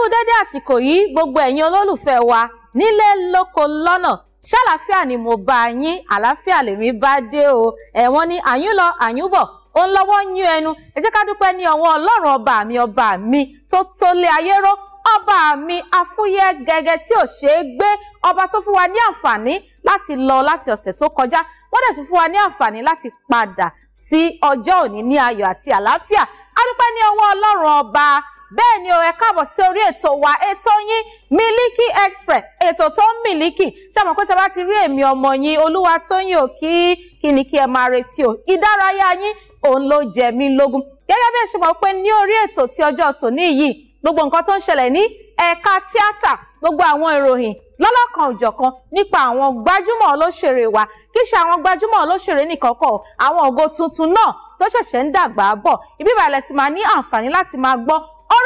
kú dédé àsìkò yìí gbogbo ẹ̀yin olólùfẹ́ wa nílé lóko lọ́nà ṣàlàáfíà ni mo bá yín àlàáfíà lèmi bá dé o ẹ̀wọ̀n ni àyún lọ àyún bọ̀ ó ń lọ́wọ́ yún ẹnu ẹ jẹ́ ká dúpẹ́ ní ọwọ́ ọlọ́run ọba mi ọba mi tó tó lé ayé ró ọba mi afúyẹ́ gẹ́gẹ́ tí ò ṣeé gbé ọba tó fún wa ní àǹfààní láti lọ láti ọ̀sẹ̀ tó kọjá wọ́n dẹ̀ tún fún wa ní àǹfààní láti padà sí ọjọ́ òní ní ayọ̀ àti àlàáfíà a ní ọwọ́ ọlọ́run ọba bẹ́ẹ̀ ni o ẹ káàbọ̀ sí orí ètò wa ètò yín Miliki Express ètò tó ń miliki ṣàmọ̀ pé tí a bá ti rí èmi ọmọ yín Olúwatóyìn ò kí kí ni kí ẹ máa retí o ìdárayá yín òun ló jẹ mí lógún gẹ́gẹ́ bí ẹ ṣe mọ̀ pé ní orí ètò tí ọjọ́ tòní yìí gbogbo nǹkan tó ń ṣẹlẹ̀ ní ẹ̀ka tíátà gbogbo àwọn ìròyìn lọ́lọ́kan òjọ̀kan nípa àwọn gbajúmọ̀ olóṣèré wa kì í ṣe àwọn gbajúmọ̀ olóṣèré nìkan àwọn ògo tuntun náà tó ṣẹ̀ṣẹ̀ ń dàgbà bọ̀ ibi ti máa ní àǹfààní láti máa gbọ́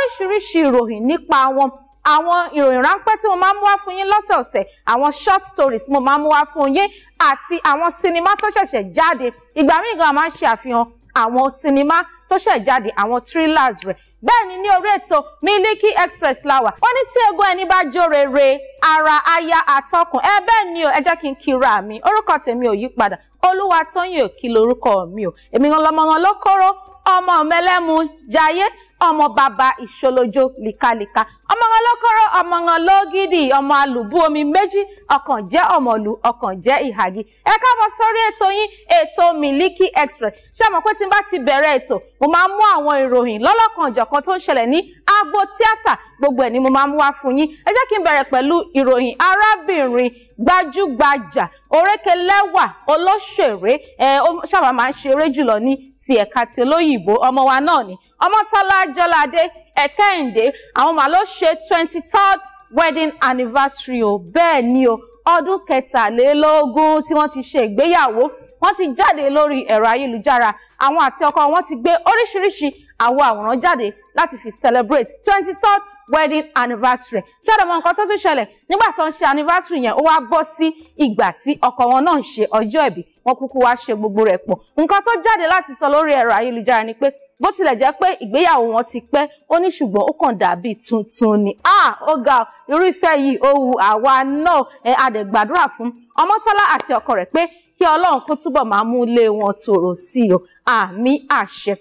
oríṣiríṣi ìròyìn nípa wọn àwọn ìròyìn ráńpẹ́ tí mo máa ń mú wá fún yín lọ́sọ̀ọ̀sẹ̀ àwọn short stories mo máa ń mú wá fún yín àti àwọn sinimá tó ṣẹ̀ṣẹ̀ jáde ìgbà míì gan-an máa ń ṣe àfihàn àwọn sinimá tó ṣẹ̀ jáde àwọn thrillers rẹ̀ bẹ́ẹ̀ ni ní orí ètò Miliki Express Lawa. wà wọ́n ní tí egun ẹni bá jó rere ara aya àtọkùn ẹ bẹ́ẹ̀ ni o ẹ jẹ́ kí n kíra mi orúkọ tèmi ò yí padà Olúwatóyìn Òkí lorúkọ mi o èmi gan lọmọ wọn ló kóró ọmọ mẹlẹ́mu jayé ọmọ bàbá ìṣolójó líkalíka ọmọ wọn lọ́kọ́rọ́ ọmọ wọn lógìdì ọmọ alùbú omi méjì ọkàn jẹ́ ọmọlù ọkàn jẹ́ ìhàgì ẹ káàbọ̀ sórí ètò yín ètò Miliki Express ṣé mọ̀ pé tí n bá ti bẹ̀rẹ̀ ètò mo máa ń mú àwọn ìròyìn lọ́lọ́kanòjọ̀kan tó ń ṣẹlẹ̀ ní agbo tíátà gbogbo ẹ̀ ni mo máa ń wá fún yín ẹ jẹ́ kí n bẹ̀rẹ̀ pẹ̀lú ìròyìn arábìnrin gbajúgbajà òrékelẹ́wà olóṣèré ẹ ó sábà máa ń ṣeré jùlọ ní ti ẹ̀ka ti olóyìnbó ọmọ wa náà ni ọmọtọ́lá jọ́ládé ẹ̀kẹ́hìndé àwọn màá ló ṣe twenty third wedding anniversary o bẹ́ẹ̀ ni o ọdún kẹtàlélógún tí wọ́n ti ṣe ìgbéyàwó wọ́n ti jáde lórí ẹ̀rọ ayélujára àwọn àti ọkọ wọn ti gbé oríṣiríṣi àwo àwòrán jáde láti fi celebrate twenty third wedding anniversary ṣáàdọ̀ mọ nǹkan tó tún ṣẹlẹ̀ nígbà tó ń ṣe anniversary yẹn ó wá bọ́ sí ìgbà tí ọkọ wọn náà ń ṣe ọjọ́ ìbí wọn kúkú wá ṣe gbogbo rẹ̀ pọ̀ nǹkan tó jáde láti sọ lórí ẹ̀rọ ayélujára ni pé bó tilẹ̀ jẹ́ pé ìgbéyàwó wọn ti pẹ́ ó ní ṣùgbọ́n ó kàn dàbí tuntun ni ah ó ga irúfẹ́ yìí ó wu àwa náà ẹ adẹ̀gbàdúrà fún ọmọtọ́lá àti ọkọ rẹ̀ pé kí ọlọ́run kó túbọ̀ máa mú ilé wọn tòrò sí i o àmì àṣẹ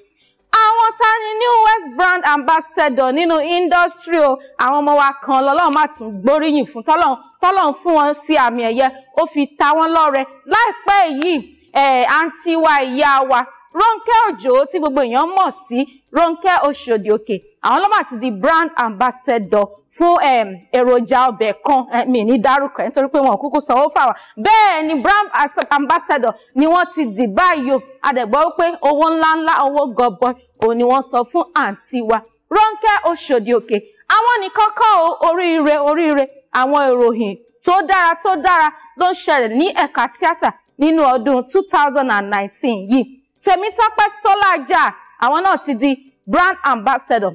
àwọn tá ni new west brand ambassador nínú industry o àwọn ọmọ wa kan lọ́lọ́run má tún gbóríyìn fún tọ́lọ́run tọ́lọ́run fún wọn fi àmì ẹ̀yẹ ó fi ta wọ́n lọ́rẹ láìpẹ́ yìí àǹtí eh, wa ìyá wa Ronke Ojo tí gbogbo èèyàn mọ̀ sí Ronke Oshodi Oke àwọn ló máa di brand ambassador fún ehm, èròjà ọbẹ̀ kan eh, mi ní dárúkọ ẹ̀ nítorí pé wọn ò kúkú sanwó fáwọn bẹ́ẹ̀ ni brand ambassador ni wọ́n ti dì báyìí adẹ̀gbọ́ pé owó ńláńlá owó gọbọi òun ni wọ́n sọ fún àǹtí wa Ronke Oshodi Oke àwọn nìkan kọ́ oríire oríire àwọn ìròyìn tó dára tó dára ló ń ṣẹlẹ̀ ní ẹ̀ka tíátà nínú ọdún 2019 yìí Tèmítọ́pẹ́ Sọ́lájà àwọn náà ti di brand ambassador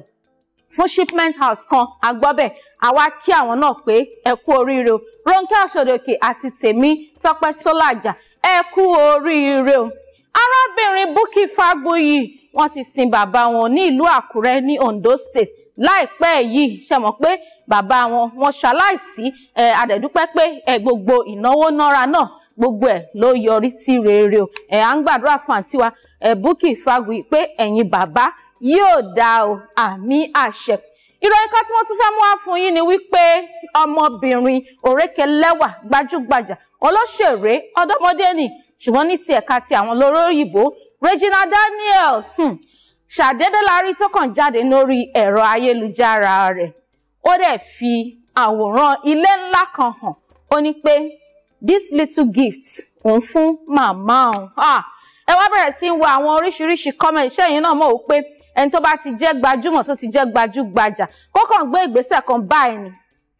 fún shipment house kan agbọ́bẹ̀ àwa kí àwọn náà pé ẹ kú oríire o Rónkẹ́ Ọ̀ṣọ́dọ̀kè àti Tèmítọ́pẹ́ Sọ́lájà ẹ kú oríire o arábìnrin Bukky Fagboyì wọ́n ti sin bàbá wọn ní ìlú Àkúrẹ́ ní Ondo State láìpẹ́ yìí ṣe mọ̀ pé bàbá wọn wọn ṣaláìsí ẹ adẹ̀dúpẹ́ pé ẹ gbogbo ìnáwó nára náà gbogbo ẹ̀ ló yọrí sí rere o ẹ̀ à ń gbàdúrà fún àǹtí wa ẹ̀ Bukky Fáguyì pé ẹ̀yin bàbá yóò dáa o àmì àṣẹ ìròyìn kan tí mo tún fẹ́ mú wá fún yín ni wípé ọmọbìnrin òrékelẹ́wà gbajúgbajà olóṣèré ọ̀dọ́mọdé ni ṣùgbọ́n ní ti ẹ̀ka ti àwọn olóyìnbó Regina Daniels hmm, ṣàdédé la rí tó kàn jáde lórí ẹ̀rọ ayélujára rẹ̀ ó dẹ̀ fi àwòrán ilé ńlá kan hàn ó ní pé this little gift òun fún màmá òun ah, ẹ wá bẹ̀rẹ̀ sí ń wo àwọn oríṣiríṣi comment iṣẹ́ yìí náà mọ̀ ó pé ẹni tó bá ti jẹ́ gbajúmọ̀ tó ti jẹ́ gbajúgbajà kó kàn gbé ìgbésẹ̀ kan báyìí ni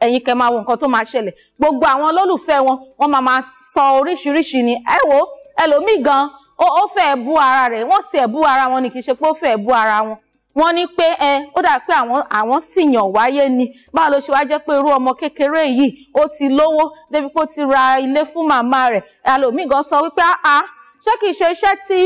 ẹ̀yin kẹ́ máa wo nǹkan tó máa ṣẹlẹ̀ gbogbo àwọn olólùfẹ́ wọn wọ́n máa máa sọ oríṣiríṣi ni ẹ wo ẹlòmíì gan ó fẹ́ bú ara rẹ̀ wọ́n tiẹ̀ bú ara wọn ni kì í ṣe pé ó fẹ́ bú ara wọn wọ́n ní pé ẹ ó dà pé àwọn àwọn sì yàn wáyé ni báwo ló ṣe wá jẹ́ pé irú ọmọ kékeré yìí ó ti lówó débi pé ó ti ra ilé fún màmá rẹ̀ ẹlòmíì gan sọ wípé àá ṣé kìí ṣe iṣẹ́ tí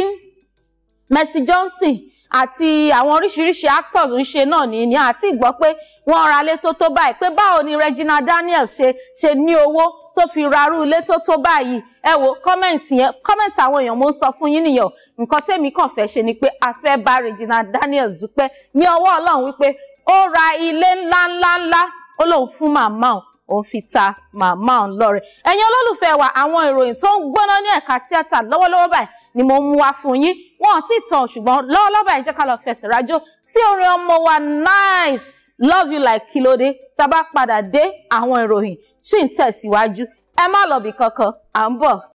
Mercy Johnson àti àwọn oríṣiríṣi actors ń ṣe náà ní ní àti ìgbọ́ pé wọ́n ra ilé tó tó báyìí pé báwo ni Regina Daniels ṣe ṣe ní owó tó fi rarú ilé tó tó báyìí ẹ wo kọ́mẹ̀ntì yẹn kọ́mẹ̀ntì àwọn èèyàn mo ń sọ fún yín nìyẹn nǹkan tèmi kàn fẹ́ ṣe ni pé a fẹ́ bá Regina Daniels dúpẹ́ ní ọwọ́ Ọlọ́run wípé ó ra ilé ńláńláńlá ó lóun fún màmá o òun fi ta màmá òun lọ́rẹ ẹ̀yin olólùfẹ́ wa àwọn ìròyìn tó ń gbóná ní ẹ̀ka tíátà lọ́wọ́lọ́wọ́ báyìí ni mo mú wá fún yín wọn ò tí ì tán ṣùgbọ́n lọ́wọ́lọ́wọ́ báyìí jẹ́ ká lọ fẹsẹ̀ rájò sí wa nice love you like kílódé tá a pada padà dé àwọn ìròyìn ṣì ń tẹ̀síwájú ẹ má lọ bì kankan à ń bọ̀